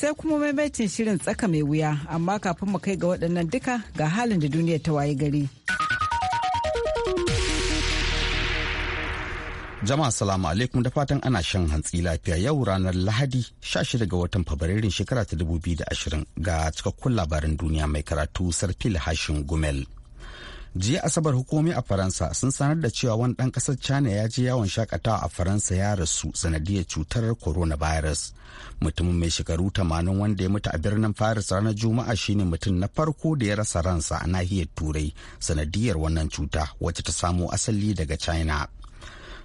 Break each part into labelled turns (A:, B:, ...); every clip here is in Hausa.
A: sai kuma maimaitin shirin tsaka mai wuya amma kafin mu kai ga waɗannan duka ga halin da duniya ta waye gari.
B: Jama'a salamu alaikum da fatan ana shan hantsi lafiya yau ranar Lahadi 16 ga watan Fabrairun shekara ta 2020 ga cikakkun labaran duniya mai karatu Sarfil Hashin Gumel. jiya asabar hukumomi a faransa sun sanar da cewa wani dan ƙasar china ya je yawon shakatawa a faransa ya rasu sanadiyar cutar coronavirus mutumin mai shekaru 80 wanda ya mutu a birnin Faris ranar juma'a shine mutum na farko da ya rasa ransa a nahiyar turai sanadiyar wannan cuta wacce ta samo asali daga china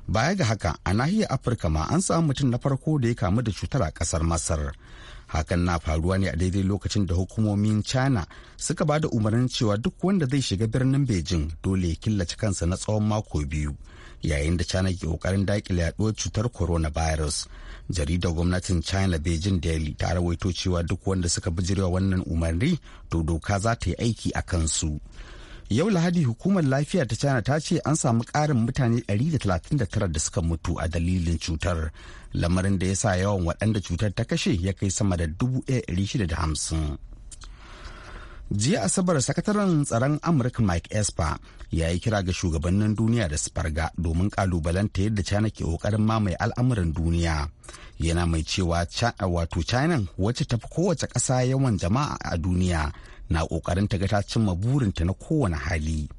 B: baya ga haka a nahiyar afirka ma an samu mutum na farko da ya kamu da cutar a ƙasar masar hakan na faruwa ne a daidai lokacin da hukumomin china suka ba da umarnin cewa duk wanda zai shiga birnin beijing dole ya killace kansa na tsawon mako biyu yayin da china ke kokarin dakile yaduwar cutar coronavirus jaridar gwamnatin china beijing daily ta rawaito cewa duk wanda suka bijirewa wannan umarni to doka za ta yi aiki a kansu yau lahadi hukumar lafiya ta china ta ce an samu karin mutane 139 da suka mutu a dalilin cutar lamarin da ya sa yawan waɗanda cutar ta kashe ya kai sama da 1,650 jiya asabar sakataren tsaron amurka mike esper ya yi kira ga shugabannin duniya da su farga domin kalubalanta yadda china ke kokarin mamaye al'amuran duniya yana mai cewa wato china wacce tafi kowace ƙasa yawan jama'a a duniya na kokarin ta ga ta cimma burinta na kowane hali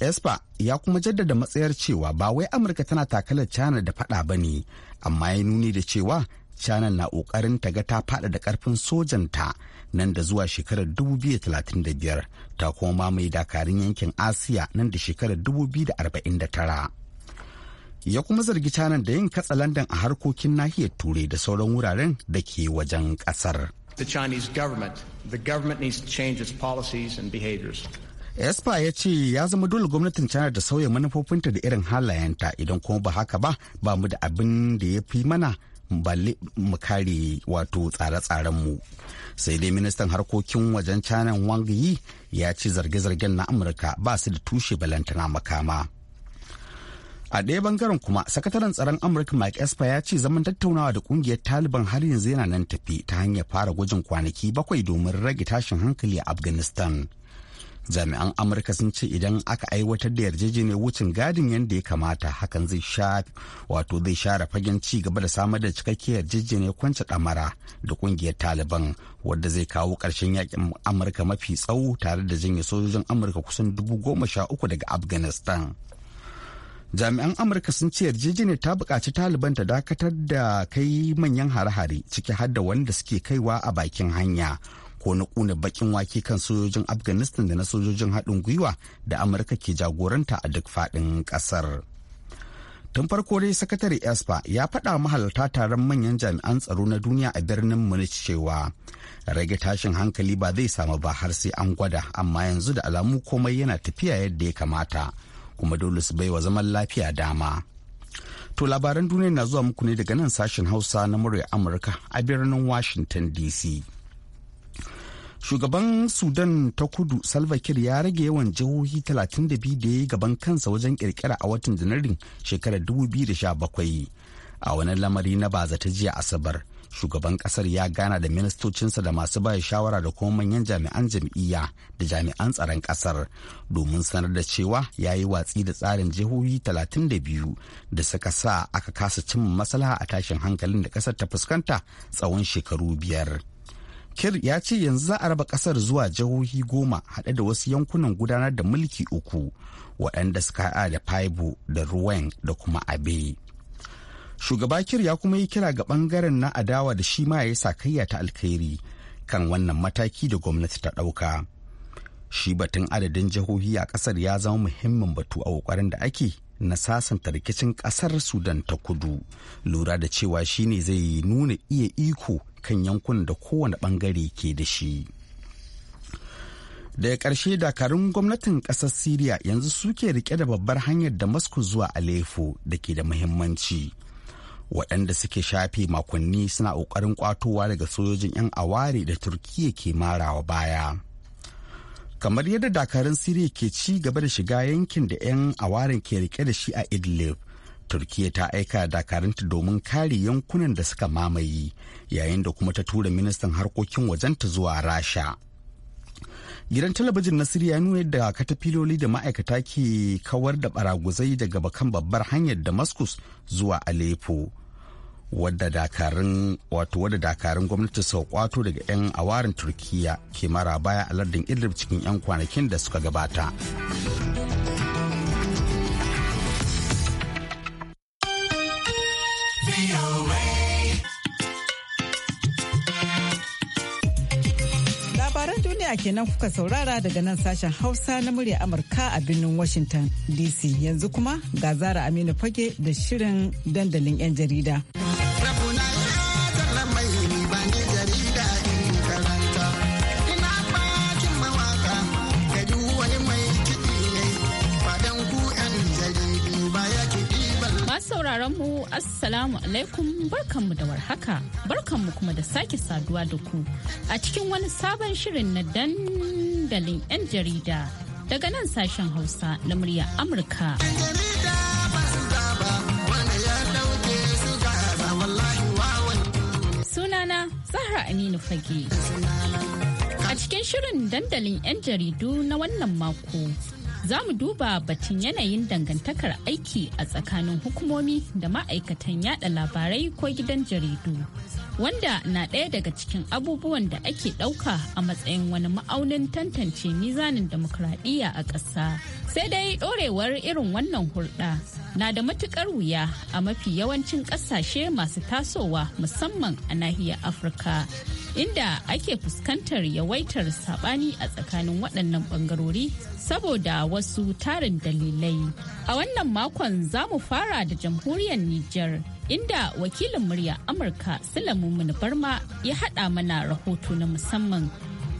B: espa ya kuma jaddada matsayar cewa ba wai amurka tana takalar china da fada ba ne amma ya nuni da cewa china na kokarin ta ga ta fada da karfin sojanta nan da zuwa shekarar 2035 ta kuma mamaye dakarun yankin asiya nan da shekarar 2049 ya kuma zargi canan da yin katsa Landan a harkokin nahiyar turai da sauran wuraren da ke wajen kasar
C: the Chinese government. The government needs to change its policies and behaviors.
B: espa ya ce ya zama dole gwamnatin china da sauya manufofinta da irin halayenta idan kuma ba haka ba ba mu da abin da ya fi mana balle mu kare wato tsare-tsarenmu sai dai ministan harkokin wajen china wang yi ya ce zarge-zargen na amurka ba su da tushe balantana makama a ɗaya bangaren kuma sakataren tsaron amurka mike esper ya ce zaman tattaunawa da kungiyar taliban har yanzu yana nan tafi ta hanyar fara gwajin kwanaki bakwai domin rage tashin hankali a afghanistan jami'an amurka sun ce idan aka aiwatar da yarjejeniyar wucin gadin yadda ya kamata hakan zai wato zai share fagen ci gaba da samar da cikakkiyar yarjejeniyar kwance damara da kungiyar taliban wadda zai kawo karshen yakin amurka mafi tsawo tare da janye sojojin amurka kusan dubu goma sha uku daga afghanistan jami'an amurka sun ce yarjejeniyar ta bukaci taliban ta dakatar da kai manyan hare-hare ciki har da wanda suke kaiwa a bakin hanya ko na ƙuna bakin wake kan sojojin afghanistan da na sojojin haɗin gwiwa da amurka ke jagoranta a duk faɗin ƙasar tun farko dai sakatare espa ya faɗa mahalarta taron manyan jami'an tsaro na duniya a birnin munich cewa rage tashin hankali ba zai samu ba har sai an gwada amma yanzu da alamu komai yana tafiya yadda ya kamata kuma dole su baiwa zaman lafiya dama to labaran duniya na zuwa muku ne daga nan sashen hausa na murya amurka a birnin washington dc shugaban sudan ta kudu salva kiir ya rage yawan jihohi 32 da ya yi gaban kansa wajen kirkira a watan janairun shekarar 2017 a wani lamari na bazata jiya asabar shugaban kasar ya gana da ministocinsa da masu baya shawara da kuma manyan jami'an jam'iyya da jami'an tsaron kasar domin sanar da cewa ya yi watsi da tsarin jihohi 32 da suka sa aka kasa cimma maslaha a tashin hankalin da kasar ta fuskanta tsawon shekaru biyar. Kir ya ce yanzu za a raba kasar zuwa jihohi goma haɗe da wasu yankunan gudanar da mulki uku waɗanda suka haɗa da Faibo da Ruwan da kuma Abe. shugaba kir ya kuma yi kira ga bangaren na adawa da shi ma ya sakayya ta alkhairi kan wannan mataki da gwamnati ta ɗauka shi batun adadin jihohi a ƙasar ya zama muhimmin batu a kokarin da ake na sasanta rikicin ƙasar sudan ta kudu lura da cewa shi ne zai nuna iya iko kan yankunan da kowane ɓangare ke da shi daga ƙarshe dakarun gwamnatin ƙasar syria yanzu suke rike da babbar hanyar damascus zuwa aleppo da ke da muhimmanci waɗanda suke shafe makonni suna ƙoƙarin ƙwatowa daga sojojin 'yan aware da turkiyya ke marawa baya kamar yadda dakarun siriya ke ci gaba da shiga yankin da 'yan awaren ke rike da shi a idlib turkiya ta aika dakarunta domin kare yankunan da suka mamaye yayin da kuma ta tura ministan harkokin wajenta zuwa rasha Gidan talabijin na Siriya ya nuna yadda katafiloli da ma'aikata ke kawar da baraguzai daga bakan babbar hanyar Damascus zuwa Aleppo. Wadda dakarun wato wadda dakarun gwamnati sau kwato daga 'yan awarin Turkiya ke mara baya a lardin Idlib cikin 'yan kwanakin da suka gabata.
A: duniya kenan kuka saurara daga nan sashen Hausa na murya Amurka a birnin Washington DC. Yanzu kuma ga Zara Aminu Fage da shirin dandalin 'yan jarida.
D: mu Assalamu alaikum barkanmu da warhaka. Barkanmu kuma da sake saduwa da ku a cikin wani sabon shirin na dandalin 'yan jarida daga nan sashen Hausa na murya Amurka. Sunana Zahra Aminu Fage. A cikin shirin dandalin 'yan jaridu na wannan mako. za mu duba batun yanayin dangantakar aiki a tsakanin hukumomi da ma'aikatan yada labarai ko gidan jaridu wanda na ɗaya daga cikin abubuwan da ake ɗauka a matsayin wani ma'aunin tantance mizanin demokuraɗiyya a ƙasa sai dai ɗorewar irin wannan hulɗa na da matuƙar wuya a mafi yawancin ƙasashe masu tasowa musamman a nahiyar afirka inda ake fuskantar yawaitar sabani a tsakanin waɗannan ɓangarori saboda wasu tarin dalilai. A wannan makon za mu fara da jamhuriyar Nijar. inda wakilin murya amurka sulemu barma ya haɗa mana rahoto na musamman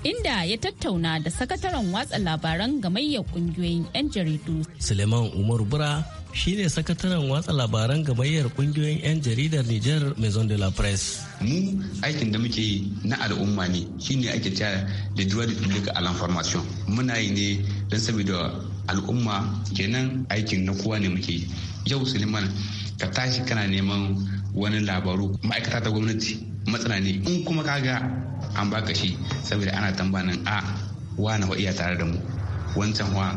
D: inda ya tattauna da sakataren watsa labaran gamayyar ƙungiyoyin 'yan jaridu
E: suleiman umar bura shine sakataren watsa labaran gamayyar kungiyoyin 'yan jaridar Nijar Maison de la Presse. Mu aikin da muke yi na al'umma ne shine ake
F: cewa le droit de public à l'information. Muna yi ne don saboda al'umma kenan aikin na kowa ne muke yi. Yau Suleiman ka tashi kana neman wani labaru ma'aikata ta gwamnati matsala ne in kuma kaga an baka shi saboda ana tambanin a wa na iya tare da mu wancan wa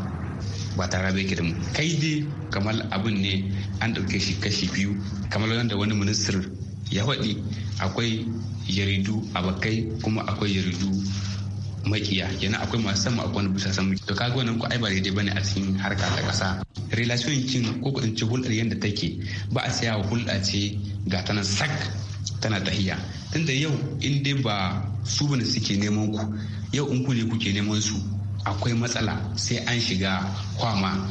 F: ba tare da yake da mu kai dai kamar abin ne an ɗauke shi kashi biyu kamar wanda wani ministir ya faɗi akwai jaridu bakai kuma akwai jaridu makiya yana akwai masu sama akwai wani bisa sama to kaga wannan ko ai ba daidai bane a cikin harka ta kasa relation kin ko ko ci hulɗar yadda take ba a wa hulɗa ce ga tana sak tana tahiya tunda yau in dai ba su bane suke neman ku yau in ku ne kuke neman su akwai matsala sai an shiga kwama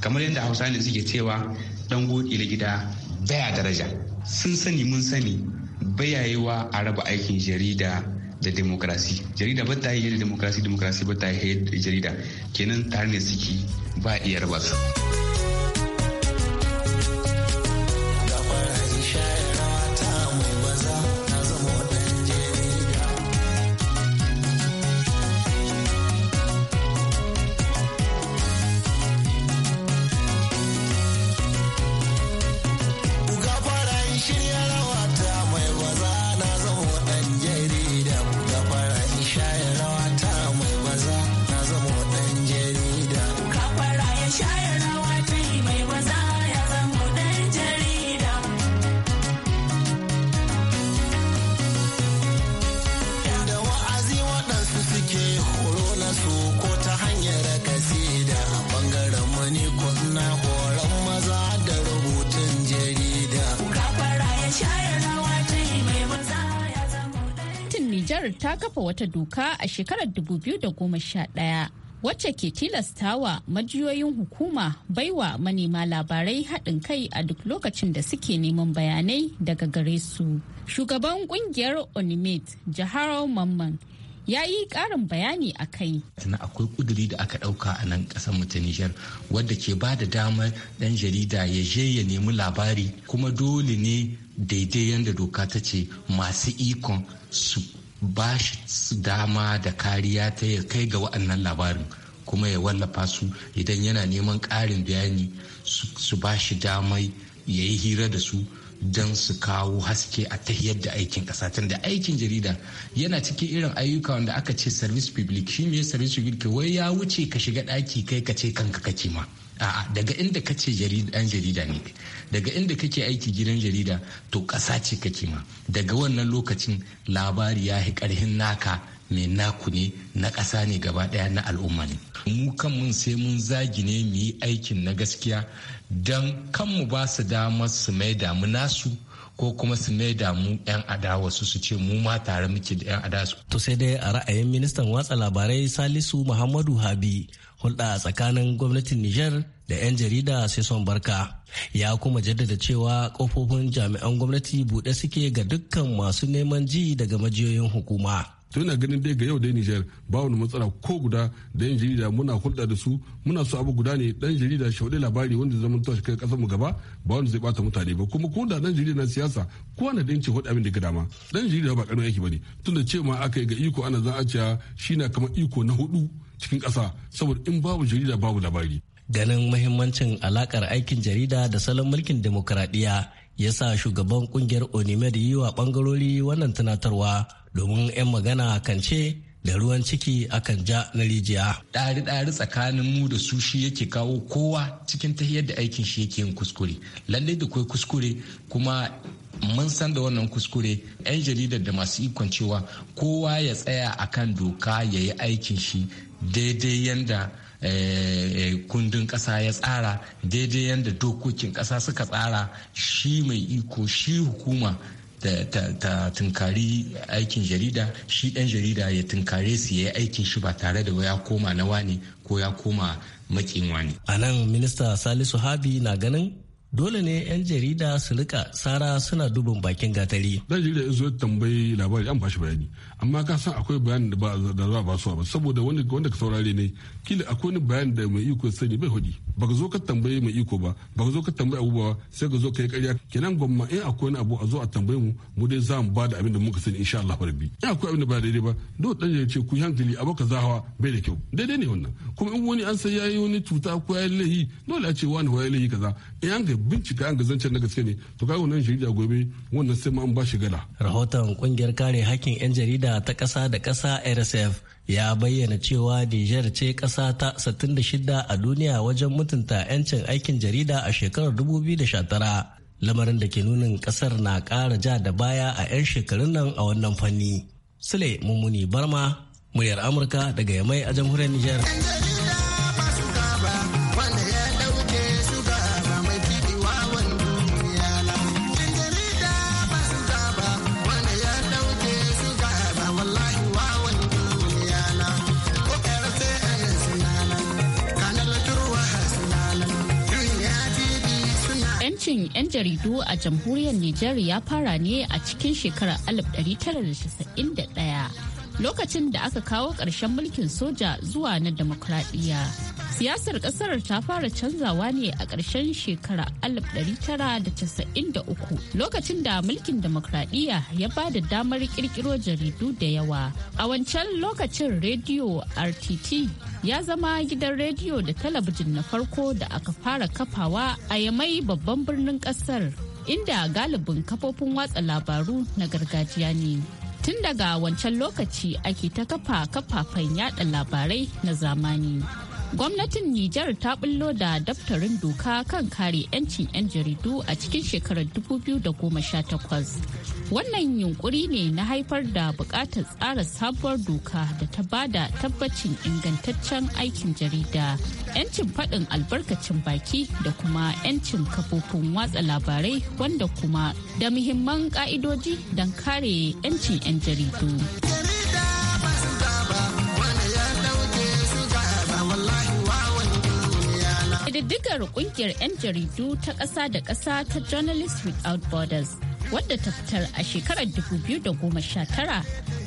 F: kamar yadda hausa ne suke cewa dan na gida baya daraja sun sani mun sani bayayewa a raba aikin jarida da demokrasi jarida ba ta yi da demokrasi demokrasi ba ta yi da jarida kenan tare ne suke ba iya raba
D: kafa wata doka a shekarar 2011 wacce ke tilastawa majiyoyin hukuma baiwa manema labarai haɗin kai a duk lokacin da suke neman bayanai daga gare su. Shugaban kungiyar Onimate, Jaharo Mamman, ya yi ƙarin bayani a kai.
G: Sannan akwai ƙuduri da aka ɗauka a nan ƙasar mu ta Nijar wadda ke ba da damar ɗan jarida ya je ya nemi labari kuma dole ne daidai yadda doka ta ce masu ikon su ba shi dama da kariya ta ya kai ga wa'annan labarin kuma ya wallafa su idan yana neman ƙarin bayani su ba shi damai ya yi hira da su don su kawo haske a ta yadda aikin ƙasa da aikin jarida yana cikin irin ayyuka wanda aka ce service public shi ne service public wai ya wuce ka shiga ɗaki kai ka ce kanka kake ma a'a daga inda kace dan jarida ne daga inda kake aiki gidan jarida to ƙasa ce kake ma daga wannan lokacin labari ya karhin naka mai naku ne na ƙasa ne gaba ɗaya na al'umma ne mu kanmu sai mun zagi ne mu yi aikin na gaskiya don kanmu ba su dama su mai damu nasu ko
E: kuma su mai damu 'yan adawa su su ce mu ma tare muke da 'yan adawa to sai dai a ra'ayin ministan watsa labarai salisu muhammadu habi hulɗa tsakanin gwamnatin Nijar da 'yan jarida sai son barka ya kuma jaddada cewa kofofin jami'an gwamnati buɗe suke ga dukkan masu neman ji daga majiyoyin hukuma. to ina ganin dai ga yau dai Nijar ba wani matsala ko guda da yan jarida muna hulɗa da su muna so abu guda ne dan jarida shauɗe labari wanda zaman tashi kai kasar mu gaba ba wanda zai bata mutane ba kuma ko da dan jarida na siyasa ko wanda dan ce hudu abin da ga dama dan jarida ba karamin aiki tun tunda ce ma aka yi ga iko ana za a shi na kamar iko na hudu cikin ƙasa saboda in babu jarida babu labari. Ganin mahimmancin alakar aikin jarida da salon mulkin demokuraɗiyya ya sa shugaban kungiyar Onimed yi wa ɓangarori wannan tunatarwa domin 'yan magana kan ce da ruwan ciki akan ja na rijiya.
G: Ɗari-ɗari
E: tsakanin mu da su shi
G: yake kawo kowa cikin ta yadda aikin shi yake yin kuskure. Lallai da kai kuskure kuma mun san da wannan kuskure 'yan jaridar da masu ikon cewa kowa ya tsaya akan doka ya yi aikin shi daidai yanda eh, eh, kundin ƙasa ya tsara daidai yanda dokokin ƙasa suka tsara shi mai iko shi hukuma ta tunkari aikin jarida shi ɗan jarida ya tunkare
E: su ya yi aikin shi ba tare da ya koma na wani ko ya koma makin wani. A minista Salisu Habi na ganin dole ne 'yan jarida su rika tsara suna dubin bakin gatari. Dan jarida ya zo tambayi labari an bashi bayani amma ka san akwai bayanin da ba za a ba ba saboda wanda ka saurare ne kila akwai wani bayanin da mai iko sani bai hudi ba ka zo ka tambaye mai iko ba ba ka zo ka tambaye abubuwa sai ka zo ka yi karya kenan gwamma in akwai wani abu a zo a tambaye mu mu dai za mu ba da abin da muka sani insha Allah rabbi in akwai abin da ba daidai ba dole dan ya ce ku hankali abu ka zahawa bai da kyau daidai ne wannan kuma in wani an sai yayi wani cuta ko yayi lahi dole a ce wani yayi lahi kaza in an ga bincika an ga zancen na gaske ne to kaga wannan shirya gobe wannan sai ma an ba shi gala rahoton kungiyar kare hakkin yan jarida ta kasa da kasa RSF ya bayyana cewa Nijar ce ƙasa ta 66 a duniya wajen mutunta 'yancin aikin jarida a shekarar 2019 lamarin da ke nunin ƙasar na ƙara ja da baya a 'yan shekarun nan a wannan fanni. Sule Mummuni Barma, muryar Amurka daga Yamai a jamhuriyar Nijar.
D: jaridu a jamhuriyar Nijar ya fara ne a cikin shekarar 1991 lokacin da aka kawo ƙarshen mulkin soja zuwa na demokradiyya. siyasar kasar ta fara canzawa ne a ƙarshen shekara 1993 lokacin da mulkin demokradiyya ya ba da damar kirkiro jaridu da yawa a wancan lokacin rediyo rtt ya zama gidan rediyo da talabijin na farko da aka fara kafawa a yamai babban birnin kasar inda galibin kafofin watsa labaru na gargajiya ne tun daga wancan lokaci ake ta kafa kafafen yada labarai na zamani gwamnatin Nijar ta bullo da daftarin doka kan kare 'yancin 'yan jaridu a cikin shekarar 2018. Wannan yunkuri ne na haifar da bukatar tsara sabuwar doka da ta bada tabbacin ingantaccen aikin jarida, 'yancin faɗin albarkacin baki da kuma 'yancin kafofin watsa labarai wanda kuma da muhimman ka'idoji don kare 'yancin 'yan jaridu. kadiddigar kungiyar 'yan jaridu ta ƙasa da ƙasa ta Journalists Without Borders wadda ta fitar a shekarar 2019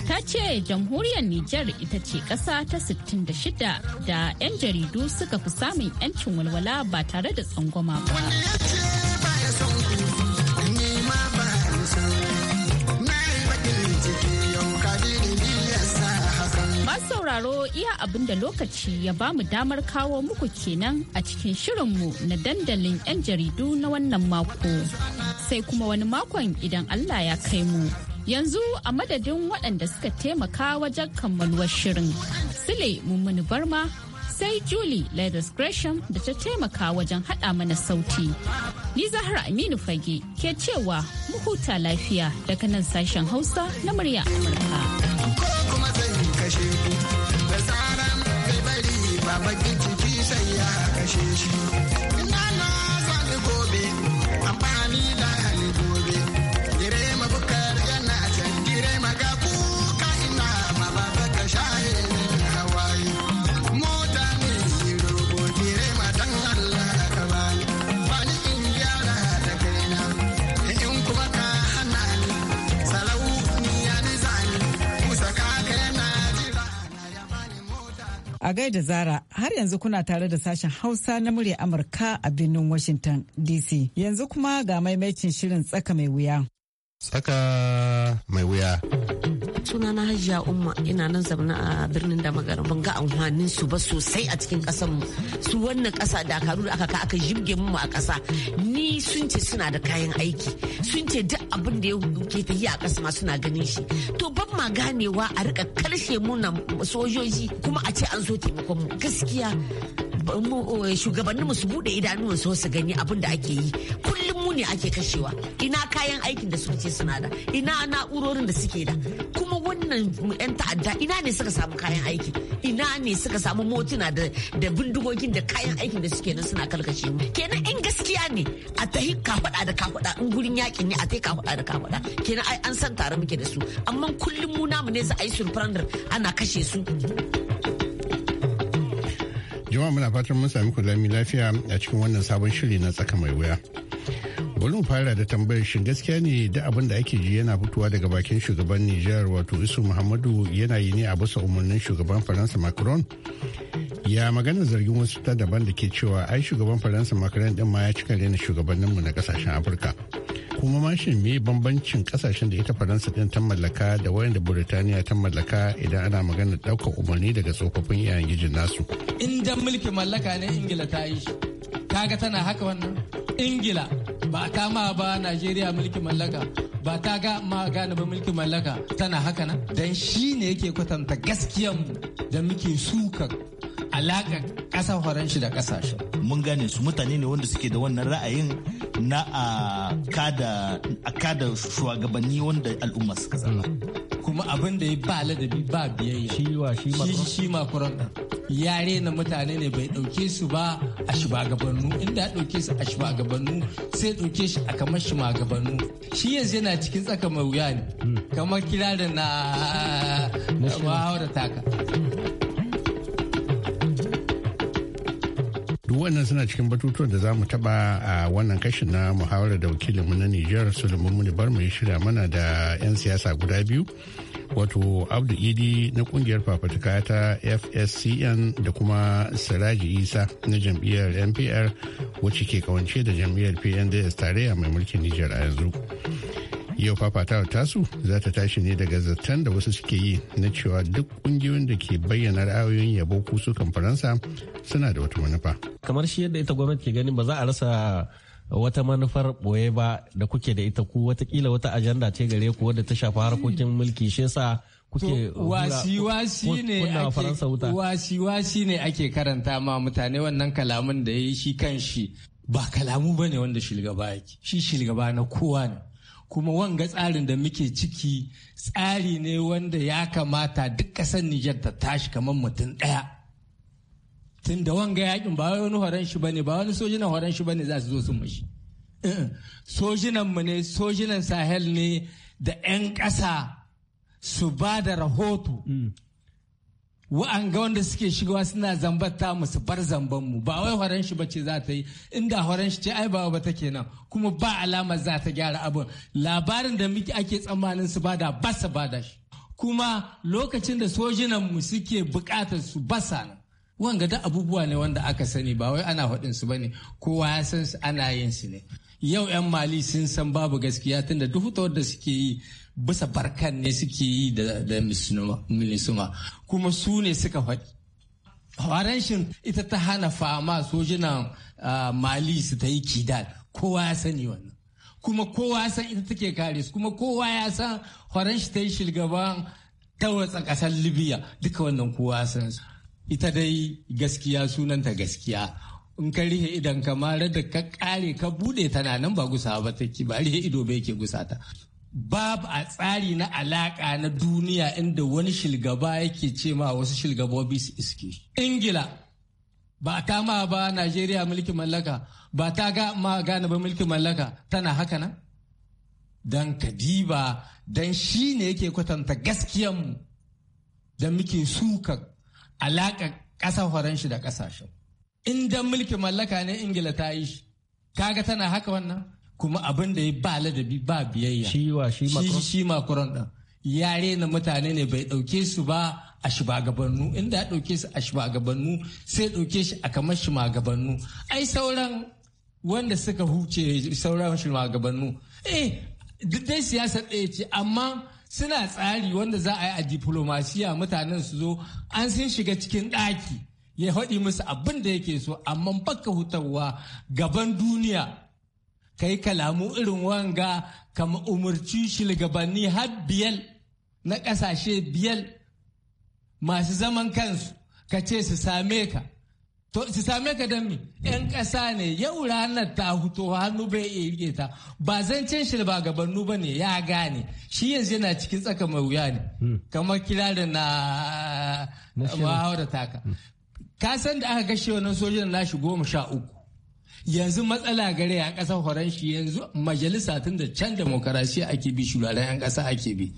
D: ta ce jamhuriyar Nijar ita ce ƙasa ta 66 da 'yan jaridu suka fi samun 'yancin walwala ba tare da tsangwama ba. sauraro iya abin da lokaci ya ba mu damar kawo muku kenan a cikin shirinmu na dandalin 'yan jaridu na wannan mako. Sai kuma wani makon idan Allah ya kai mu. Yanzu a madadin waɗanda suka taimaka wajen kammaluwar shirin. Sule Mummuni Barma sai Julie Leathers Gresham da ta taimaka wajen haɗa mana sauti. Ni Zahra Aminu Fage ke cewa mu huta lafiya daga nan sashen Hausa na murya Amurka.
E: bakin jiki sai ya kashe shi
A: da Zara har yanzu kuna tare da sashen Hausa na murya Amurka a birnin Washington DC. Yanzu kuma ga maimacin shirin tsaka mai wuya.
C: Tsaka mai wuya.
D: suna na hajiya umma ina nan zamana a birnin da magana ban ga amfanin su ba sosai a cikin kasan mu su wannan kasa dakaru da aka ka aka jibge mu a kasa ni sun ce suna da kayan aiki sun ce duk abin da ya ke tafi a kasa ma suna ganin shi to ban ma ganewa a rika karshe muna sojoji kuma a ce an zo taimakon mu gaskiya eh, shugabanninmu su bude idanuwan su gani abin da ake yi kullum mu ne ake kashewa ina kayan aikin da suke suna da ina na'urorin da suke da kuma wannan 'yan ta'adda ina ne suka samu kayan aiki ina ne suka samu motuna da bindigogin da kayan aikin da suke nan suna karkashe mu kenan in gaskiya ne a tahi kafada da kafada in gurin yakin ne a tahi kafada da kafada kenan ai an san tare muke da su amma kullum mu namu ne za a yi surprender ana kashe su
C: jama'a muna fatan mun sami kula lafiya a cikin wannan sabon shiri na tsaka mai wuya bari mu fara da tambayar shin gaskiya ne da abin da ake ji yana fitowa daga bakin shugaban Nijar wato Isu Muhammadu yana yi ne a bisa umarnin shugaban Faransa Macron ya magana zargin wasu ta daban da ke cewa ai shugaban Faransa Macron din ma ya cika rena shugabanninmu na kasashen Afirka kuma ma shin me bambancin kasashen da ita Faransa din ta mallaka da wayanda Burtaniya ta mallaka idan ana magana ɗaukan umarni daga tsofaffin yayin gijin nasu
G: in dan mulki mallaka ne Ingila ta yi shi kaga tana haka wannan Ingila ba ta ma ba Najeriya mulki mallaka ba ta ga ma gane ba mulki mallaka tana haka nan dan shi ne yake kwatanta gaskiyan da muke suka alaƙa ƙasa horon shi da ƙasashen. Mun gane su
H: mutane ne wanda suke da wannan ra'ayin na a kada
G: shugabanni wanda al'umma suka zama. Mm. Kuma abin da ya ba ladabi ba biyayya. Shi wa shi ɗan. Yare na mutane ne bai ɗauke su ba a shugabannu inda ya ɗauke su a shugabannu sai ɗauke shi a kamar shugabannu. Shi yanzu yana cikin tsaka mai wuya ne. Mm. Kamar da na Muhawarar taka.
C: Mm. duk wannan suna cikin batutuwan da za mu taba a wannan kashin na muhawarar da wakilinmu na Nijar Suleiman Muni bar mu shirya mana da 'yan siyasa guda biyu wato Abdu Idi na kungiyar fafutuka ta FSCN da kuma Siraji Isa na jam'iyyar NPR wacce ke kawance da jam'iyyar PNDS tare tarayya mai mulkin Nijar a yanzu. yau fafatawar tasu za ta tashi ne daga zaton da wasu suke yi na cewa duk kungiyoyin da ke bayyana ra'ayoyin yabo ko sukan faransa suna da wata manufa
E: kamar shi yadda ita gwamnati ke ganin ba za a rasa wata manufar boye ba da kuke da ita ku watakila wata ajanda ce gare ku wadda ta shafi harkokin mulki shi yasa kuke wasi-wasi
G: ne ake karanta ma mutane wannan kalamin da ya yi shi kan shi ba kalamu ba ne wanda shilgaba yake shi shilgaba na kowa ne kuma wanga tsarin da muke ciki tsari ne wanda ya kamata duk ƙasar Nijar ta tashi kamar mutum ɗaya. Tun da wanga yakin ba wani horon shi bane ba wani sojinan horon shi bane za su zo su mashi. Eh, sojinan mu ne sojinan Sahel ne da 'yan ƙasa su ba da rahoto mm. wa'anga wanda suke shigowa suna zambar ta musu bar zamban mu ba wai horon shi bace za ta yi inda horon shi ce ai ba ba take nan kuma ba alamar za ta gyara abin labarin da muke ake tsammanin su bada basa bada shi kuma lokacin da sojinan mu suke bukatar su basa nan wanga da abubuwa ne wanda aka sani ba wai ana haɗin su bane kowa ya san su ana yin su ne yau 'yan mali sun san babu gaskiya tunda duk da suke yi bisa barkan ne suke yi da milisuma kuma su ne suka faɗi Faranshin ita ta hana fama sojinan mali su ta yi kidal kowa ya sani wannan kuma kowa ya san ita take kare su kuma kowa ya san faranshi ta yi shilgaban tawatsa ƙasar libya duka wannan kowa ya san su ita dai gaskiya sunanta gaskiya in ka rihe idan kamar da ka kare ka bude tana nan ba gusa ba take ba rihe ido bai ke gusa ta babu a tsari na alaka na duniya inda wani shilgaba yake ce ma wasu shilgabobi su iske. Ingila ba ta ma ba Najeriya mulkin mallaka ba ta ga ma gane ba mulkin mallaka tana haka nan? Don kadiba don shi ne yake kwatanta gaskiyan da muke suka alaka ƙasa horon shi da kasashen. In mulkin mallaka ne Ingila ta yi shi, kaga tana haka wannan? kuma abin da ya ba ladabi ba biyayya shi wa shi macron shi Yare na mutane ne bai ɗauke su ba a shugabannu inda ya ɗauke su a shugabannu sai ɗauke shi a kamar shugabannu ai sauran wanda suka huce sauran shugabannu eh duk dai siyasa ɗaya ce amma suna tsari wanda za a yi a diplomasiya mutanen su zo an sun shiga cikin ɗaki ya haɗi musu abin da yake so amma baka hutawa gaban duniya kai kalamu irin wanga kama umarci shugabanni har biyar na ƙasashe biyar masu zaman kansu ka ce su same ka to su same ka don mi yan kasa ne yau ranar ta huto hannu bai iya rike ta ba zancen shi ba gabannu ba ne ya gane shi yanzu yana cikin tsaka mai wuya ne hmm. kamar kirarin na mahawar taka ka san da aka kashe wannan sojan shi goma sha uku yanzu matsala gare a ƙasar shi yanzu majalisa tun da can demokarasiya ake bi shuraren 'yan ƙasa ake bi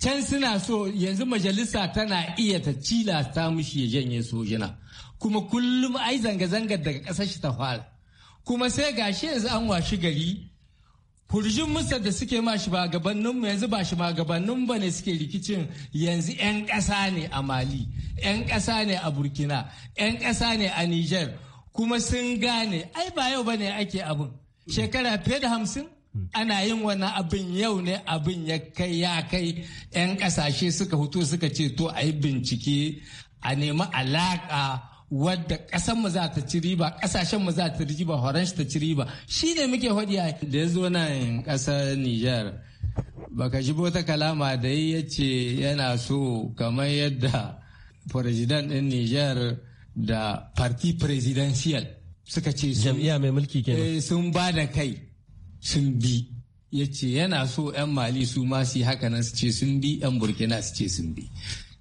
G: can suna so yanzu majalisa tana iya ta ta mushi ya janye sojina kuma kullum ai zanga zanga daga ƙasar shi ta fara kuma sai gashi yanzu an washi gari hurjin musa da suke ma shi ba mu yanzu ba shi ma gabanin ba ne suke rikicin yanzu 'yan ƙasa ne a mali 'yan ƙasa ne a burkina 'yan ƙasa ne a niger kuma sun gane ai ba yau bane ake abin shekara fiye da hamsin ana yin wani abin yau ne abin ya kai ya kai 'yan kasashe suka hutu suka ce to a yi bincike a nemi alaka wadda mu za ta ci riba mu za ta riba horon ta ci riba shi ne muke hodiya da ya zo nan ƙasar niger baka shi bota kalama da ya ce yana so kamar yadda firajidan ɗin niger da parti presidential suka ce jam'iyya mai mulki kenan eh, sun ba da kai sun bi ya ce yana so 'yan mali su ma su yi haka nan su ce sun bi 'yan burkina su ce sun bi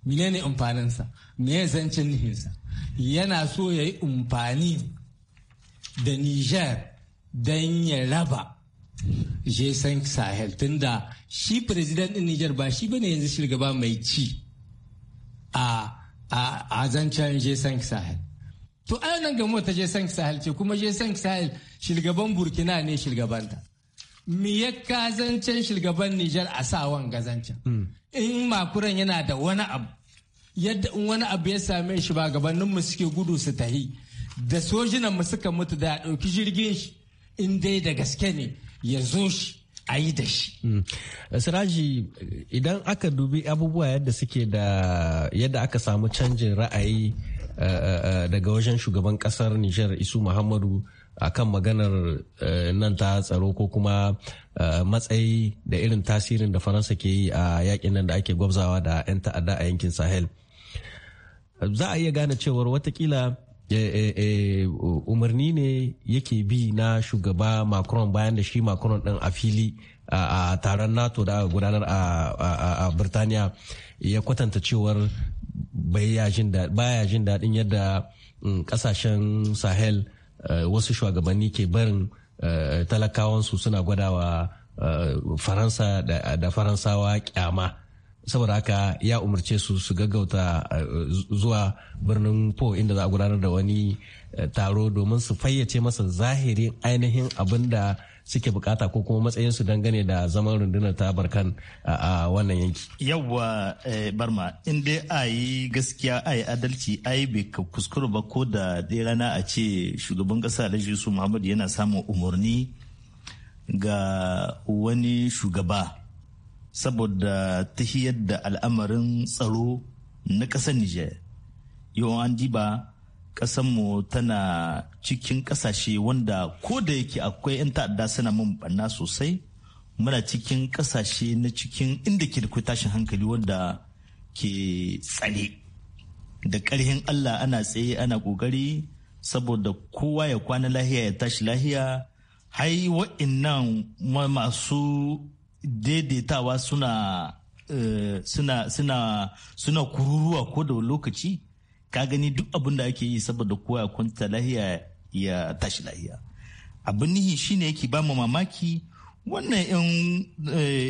G: ne amfaninsa me ya zancen nihinsa yana so ya yi amfani da niger don ya raba jason sahel tunda shi president din niger ba shi bane yanzu shugaba mai ci a a zancen jason sahel to a nan gamo ta jason sahel ce kuma jason sahel shilgaban burkina ne shilgabanta mi ya ka zancen shilgaban nijar a sa wanga zancen hmm. in makuran yana da wani abu yadda in wani abu ya same shi ba mu suke gudu su tahi da sojinan mu suka mutu da ya dauki jirgin shi in dai da gaske ne ya zo shi
E: a yi da shi. Mm. Siraji idan aka dubi abubuwa yadda suke da yadda aka samu canjin ra'ayi eh, eh, eh, daga wajen shugaban kasar Nijar Isu Muhammadu a kan maganar nan ta tsaro ko kuma matsayi da irin tasirin da Faransa ke yi a yakin nan da ake gwabzawa da 'yan ta'adda a yankin Sahel. Za a iya gane cewar watakila Eh, eh, eh, umarni ne yake bi na shugaba macron bayan da shi macron din a fili a taron nato da gudanar a birtaniya ya kwatanta cewar baya jin daɗin yadda mm, ƙasashen sahel wasu shugabanni ke barin talakawansu suna gwadawa faransa da faransawa kyama saboda haka ya umarce su su gaggauta eh, zuwa birnin po inda za a gudanar da wani eh, taro domin su fayyace masa zahirin ainihin abin da suke bukata ko kuma matsayinsu dangane da zaman rundunar ta barkan a wannan yanki. Yawwa eh, barma in dai a yi gaskiya
H: a yi adalci a yi bai ka kuskura ba ko da dai rana a ce shugaban kasa da su Muhammadu yana samun umarni ga wani shugaba saboda ta hiyar da al'amarin tsaro na ƙasar Nijar. Yau an diba ƙasanmu tana cikin ƙasashe wanda ko da yake akwai 'yan ta'adda suna mun banna sosai muna cikin ƙasashe na cikin inda ke da tashin hankali wanda ke tsare. Da ƙarhin Allah ana tsaye ana ƙoƙari saboda kowa ya kwana lahiya ya tashi lahiya hai wa'innan masu daidaitawa suna eh, suna suna suna kururuwa ko da lokaci ka gani duk abin da ake yi saboda kowa kwanta lahiya ya tashi lahiya abin nihi shine yake ba mu mamaki wannan 'yan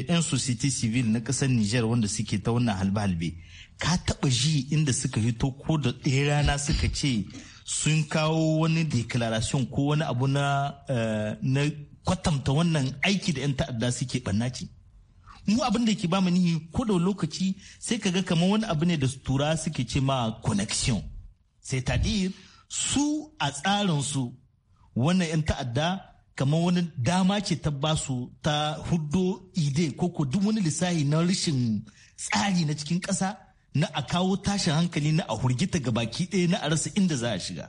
H: eh, society civil na kasar niger wanda suke ta wannan halbe-halbe ka taba ji inda suka hito ko da ɗaya rana suka ce sun kawo wani declaration ko wani abu na eh, kwatanta wannan aiki da 'yan ta'adda suke ɓanna mu abin da ke ba mu nihi ko da lokaci sai ka ga kamar wani abu ne da tura suke ce ma connection sai tadir su a tsarin su wannan 'yan ta'adda kamar wani dama ce ta basu ta huddo ide ko ko duk wani lissahi na rashin tsari na cikin ƙasa na a kawo tashin hankali na a hurgita ga baki ɗaya na a rasa inda za a shiga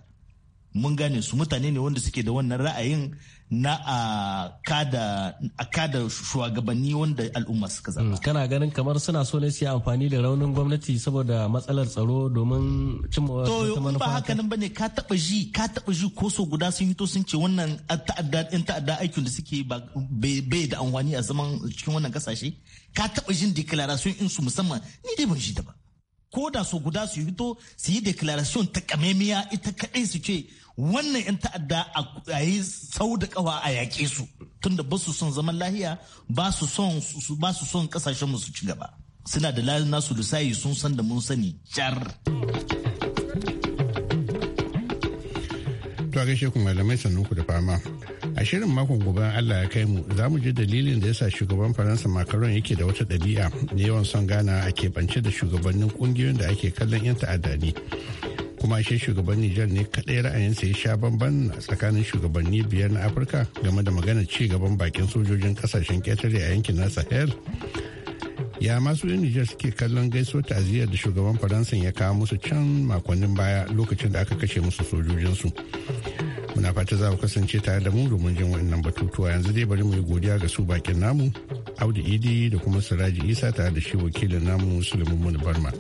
H: mun gane su mutane ne wanda suke da wannan ra'ayin na a kada shugabanni wanda al'umma
E: suka zaba. Hmm, kana ganin kamar suna so ne su yi amfani da raunin gwamnati saboda matsalar tsaro domin cimma wata manufa ba haka
H: nan bane ka taba ji ka taba ji ko so guda sun hito sun ce wannan ta'adda in ta'adda aikin da suke bai da amfani a zaman cikin wannan kasashe ka taba jin declaration in su musamman ni dai ban ji da ba ko da su guda su fito su yi declaration ta kamemiya ita kaɗai su ce wannan 'yan ta'adda a yi sau da kawa a yaƙe su tunda ba su son zaman lahiya ba su son kasashen mu su ci gaba suna da nasu lusayi sun san da mun sani jar.
C: gaishe ku malamai sannu ku da fama. A shirin makon gobe Allah ya kai mu za mu ji dalilin da yasa shugaban Faransa Macron yake da wata ɗabi'a da yawan son gana a bance da shugabannin ƙungiyoyin da ake kallon 'yan ta'adda ne. Kuma shi shugaban Nijar ne kaɗai ra'ayinsa ya sha bamban tsakanin shugabanni biyar na Afirka game da maganar ci gaban bakin sojojin ƙasashen ƙetare a yankin na Sahel. ya masu yin Nijar suke kallon gaisuwar ta'aziyar da shugaban faransa ya kawo musu can makonnin baya lokacin da aka kashe musu sojojinsu muna fata za ku kasance tare da mu domin jin wannan batutuwa yanzu dai bari mu yi godiya ga su bakin namu audu idi da kuma siraji isa tare da shi wakilin namu mun barma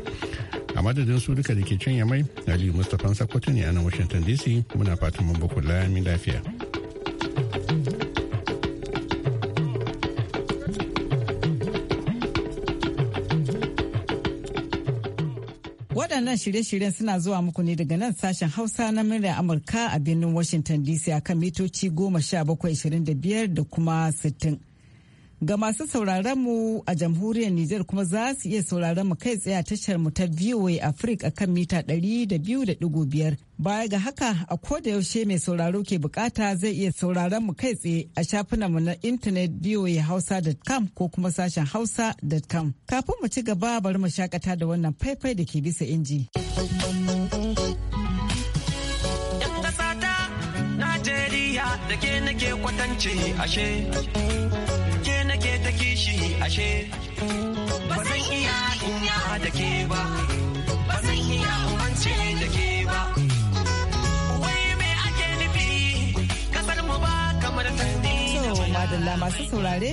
C: a madadin su duka da ke can yamai aliyu mustapha sakwato ne a nan washington dc muna fatan mun baku lafiya
A: Waɗannan shirye-shiryen suna zuwa muku ne daga nan sashen Hausa na murya Amurka a birnin Washington DC a kan mitoci goma sha 1725 da kuma 60. Ga masu sauraron mu a jamhuriyar Nijar kuma za su iya sauraron mu kai tsaye a tashar mu ta VOA Africa kan mita 200.5. Baya ga haka a koda yaushe mai sauraro ke bukata zai iya sauraron mu kai tsaye a shafinanmu na intanet voahausa.com ko kuma sashen hausa.com. Kafin mu ci gaba bari mu shakata da wannan faifai da ke bisa inji.
E: Najeriya da ke nake kwatance ashe. ashe ba zan iya inya da ke ba ba zan iya umance da ke ba wai me ake nufi kasar mu ba kamar tandi
A: madalla masu saurare